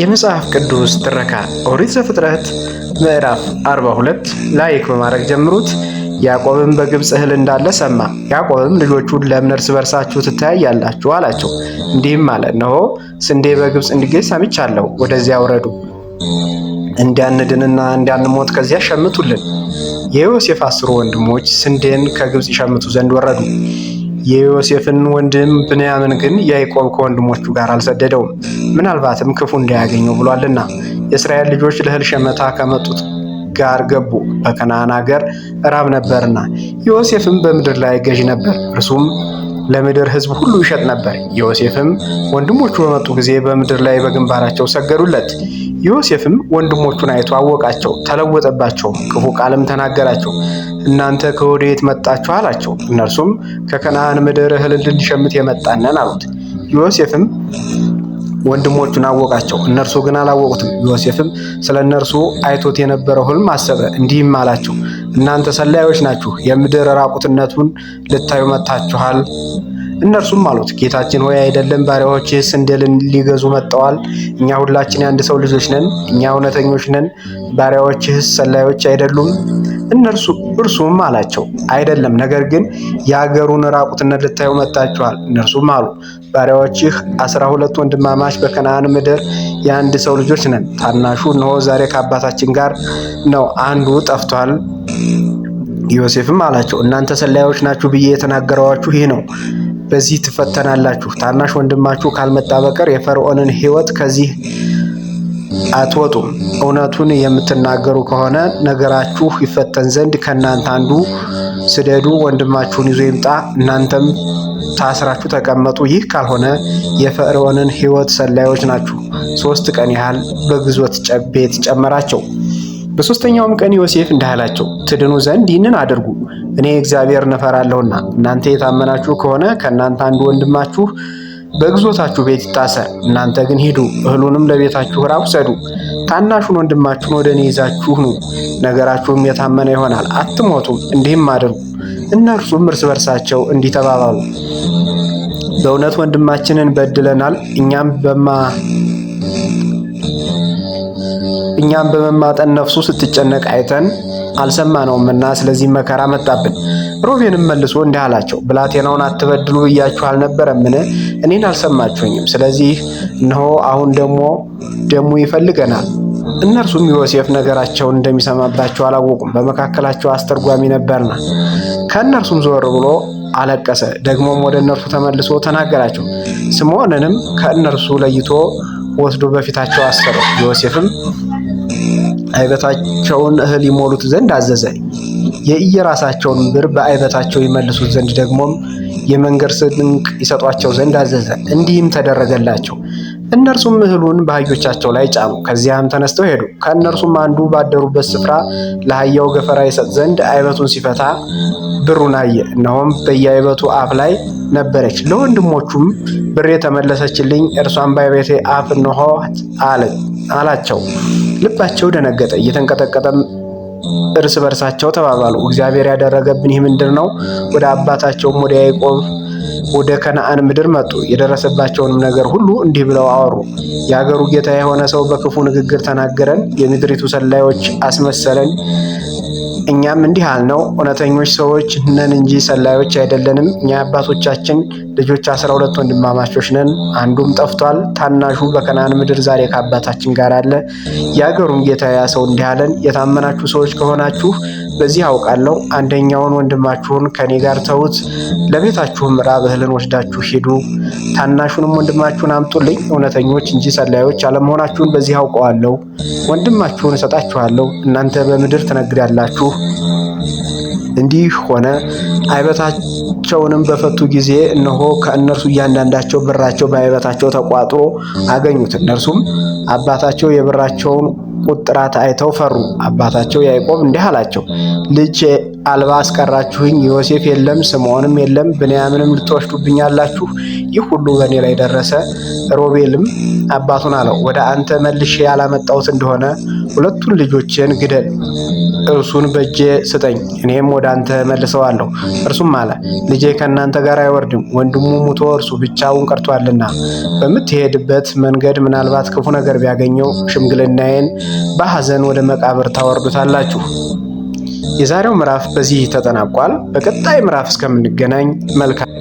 የመጽሐፍ ቅዱስ ትረካ ኦሪት ዘፍጥረት ምዕራፍ 42 ላይክ በማድረግ ጀምሩት። ያዕቆብም በግብፅ እህል እንዳለ ሰማ። ያዕቆብም ልጆቹን ለምን እርስ በርሳችሁ ትተያያላችሁ? አላቸው። እንዲህም አለ፣ እነሆ ስንዴ በግብፅ እንዲገኝ ሰምቻለሁ። ወደዚያ ውረዱ፣ እንዳንድንና እንዳንሞት ከዚያ ሸምቱልን። የዮሴፍ አስሩ ወንድሞች ስንዴን ከግብፅ ይሸምቱ ዘንድ ወረዱ። የዮሴፍን ወንድም ብንያምን ግን ያዕቆብ ከወንድሞቹ ጋር አልሰደደውም፣ ምናልባትም ክፉ እንዳያገኘው ብሏልና። የእስራኤል ልጆች ለእህል ሸመታ ከመጡት ጋር ገቡ፣ በከነዓን አገር ራብ ነበርና። ዮሴፍም በምድር ላይ ገዥ ነበር፣ እርሱም ለምድር ሕዝብ ሁሉ ይሸጥ ነበር። ዮሴፍም ወንድሞቹ በመጡ ጊዜ በምድር ላይ በግንባራቸው ሰገዱለት። ዮሴፍም ወንድሞቹን አይቶ አወቃቸው፣ ተለወጠባቸውም፣ ክፉ ቃልም ተናገራቸው። እናንተ ከወዴት መጣችሁ አላቸው። እነርሱም ከከነዓን ምድር እህል ልንሸምት የመጣነን አሉት። ዮሴፍም ወንድሞቹን አወቃቸው፣ እነርሱ ግን አላወቁትም። ዮሴፍም ስለ እነርሱ አይቶት የነበረው ሕልም አሰበ፣ እንዲህም አላቸው፦ እናንተ ሰላዮች ናችሁ፣ የምድር ራቁትነቱን ልታዩ መጥታችኋል። እነርሱም አሉት ጌታችን ሆይ አይደለም ባሪያዎችህ ስንዴን ሊገዙ መጥተዋል። እኛ ሁላችን የአንድ ሰው ልጆች ነን። እኛ እውነተኞች ነን፣ ባሪያዎችህስ ሰላዮች አይደሉም። እነርሱ እርሱም አላቸው አይደለም፣ ነገር ግን የአገሩን ራቁትነት ልታዩ መጥታችኋል። እነርሱም አሉ ባሪያዎችህ አስራ ሁለት ወንድማማች በከነአን ምድር የአንድ ሰው ልጆች ነን። ታናሹ እነሆ ዛሬ ከአባታችን ጋር ነው፣ አንዱ ጠፍቷል። ዮሴፍም አላቸው እናንተ ሰላዮች ናችሁ ብዬ የተናገረዋችሁ ይህ ነው። በዚህ ትፈተናላችሁ። ታናሽ ወንድማችሁ ካልመጣ በቀር የፈርዖንን ሕይወት ከዚህ አትወጡም። እውነቱን የምትናገሩ ከሆነ ነገራችሁ ይፈተን ዘንድ ከእናንተ አንዱ ስደዱ፣ ወንድማችሁን ይዞ ይምጣ፣ እናንተም ታስራችሁ ተቀመጡ። ይህ ካልሆነ የፈርዖንን ሕይወት ሰላዮች ናችሁ። ሶስት ቀን ያህል በግዞት ቤት ጨመራቸው። በሶስተኛውም ቀን ዮሴፍ እንዳህላቸው ትድኑ ዘንድ ይህንን አድርጉ እኔ እግዚአብሔርን እፈራለሁና እናንተ የታመናችሁ ከሆነ ከእናንተ አንዱ ወንድማችሁ በግዞታችሁ ቤት ይታሰር። እናንተ ግን ሂዱ፣ እህሉንም ለቤታችሁ ራብ ውሰዱ። ታናሹን ወንድማችሁን ወደ እኔ ይዛችሁ ኑ፣ ነገራችሁም የታመነ ይሆናል፣ አትሞቱም። እንዲህም አድርጉ። እነርሱም እርስ በርሳቸው እንዲህ ተባባሉ፣ በእውነት ወንድማችንን በድለናል፣ እኛም በማ እኛም በመማጠን ነፍሱ ስትጨነቅ አይተን አልሰማነውምና ስለዚህ መከራ መጣብን። ሮቤንም መልሶ እንዲህ አላቸው፣ ብላቴናውን አትበድሉ ብያችሁ አልነበረምን? እኔን አልሰማችሁኝም። ስለዚህ እነሆ አሁን ደግሞ ደሙ ይፈልገናል። እነርሱም ዮሴፍ ነገራቸውን እንደሚሰማባቸው አላወቁም፣ በመካከላቸው አስተርጓሚ ነበርና። ከእነርሱም ዞር ብሎ አለቀሰ። ደግሞም ወደ እነርሱ ተመልሶ ተናገራቸው። ስምዖንንም ከእነርሱ ለይቶ ወስዶ በፊታቸው አሰረው። ዮሴፍም አይበታቸውን እህል ይሞሉት ዘንድ አዘዘ። የእየራሳቸውን ብር በአይበታቸው ይመልሱት ዘንድ ደግሞም የመንገድ ስንቅ ይሰጧቸው ዘንድ አዘዘ። እንዲህም ተደረገላቸው። እነርሱም እህሉን በአህዮቻቸው ላይ ጫኑ። ከዚያም ተነስተው ሄዱ። ከእነርሱም አንዱ ባደሩበት ስፍራ ለአህያው ገፈራ ይሰጥ ዘንድ አይበቱን ሲፈታ ብሩን አየ። እነሆም በየአይበቱ አፍ ላይ ነበረች። ለወንድሞቹም ብሬ ተመለሰችልኝ፣ እርሷን በአይበቴ አፍ እንኋት አለ። አላቸው። ልባቸው ደነገጠ፣ እየተንቀጠቀጠም እርስ በርሳቸው ተባባሉ፣ እግዚአብሔር ያደረገብን ይህ ምንድር ነው? ወደ አባታቸውም ወደ ያዕቆብ ወደ ከነአን ምድር መጡ። የደረሰባቸውንም ነገር ሁሉ እንዲህ ብለው አወሩ። የአገሩ ጌታ የሆነ ሰው በክፉ ንግግር ተናገረን፣ የምድሪቱ ሰላዮች አስመሰለን፣ እኛም እንዲህ አልነው፣ እውነተኞች ሰዎች ነን እንጂ ሰላዮች አይደለንም። እኛ አባቶቻችን ልጆች አስራ ሁለት ወንድማማቾች ነን። አንዱም ጠፍቷል። ታናሹ በከናን ምድር ዛሬ ከአባታችን ጋር አለ። የአገሩም ጌታ ያ ሰው እንዲህ አለን፣ የታመናችሁ ሰዎች ከሆናችሁ በዚህ አውቃለሁ። አንደኛውን ወንድማችሁን ከኔ ጋር ተዉት፣ ለቤታችሁም ምዕራብ እህልን ወስዳችሁ ሂዱ። ታናሹንም ወንድማችሁን አምጡልኝ፣ እውነተኞች እንጂ ሰላዮች አለመሆናችሁን በዚህ አውቀዋለሁ። ወንድማችሁን እሰጣችኋለሁ፣ እናንተ በምድር ትነግዳላችሁ። እንዲህ ሆነ። አይበታቸውንም በፈቱ ጊዜ እነሆ ከእነርሱ እያንዳንዳቸው ብራቸው በአይበታቸው ተቋጥሮ አገኙት። እነርሱም አባታቸው የብራቸውን ቁጥራት አይተው ፈሩ። አባታቸው ያዕቆብ እንዲህ አላቸው፣ ልጅ አልባ አስቀራችሁኝ። ዮሴፍ የለም፣ ስምዖንም የለም፣ ብንያምንም ልትወስዱብኛላችሁ። ይህ ሁሉ በእኔ ላይ ደረሰ። ሮቤልም አባቱን አለው፣ ወደ አንተ መልሼ ያላመጣሁት እንደሆነ ሁለቱን ልጆችን ግደል፣ እርሱን በእጄ ስጠኝ፣ እኔም ወደ አንተ መልሰዋለሁ። እርሱም አለ ልጄ ከእናንተ ጋር አይወርድም፣ ወንድሙ ሙቶ እርሱ ብቻውን ቀርቷልና። በምትሄድበት መንገድ ምናልባት ክፉ ነገር ቢያገኘው ሽምግልናዬን በሐዘን ወደ መቃብር ታወርዱታላችሁ። የዛሬው ምዕራፍ በዚህ ተጠናቋል። በቀጣይ ምዕራፍ እስከምንገናኝ መልካም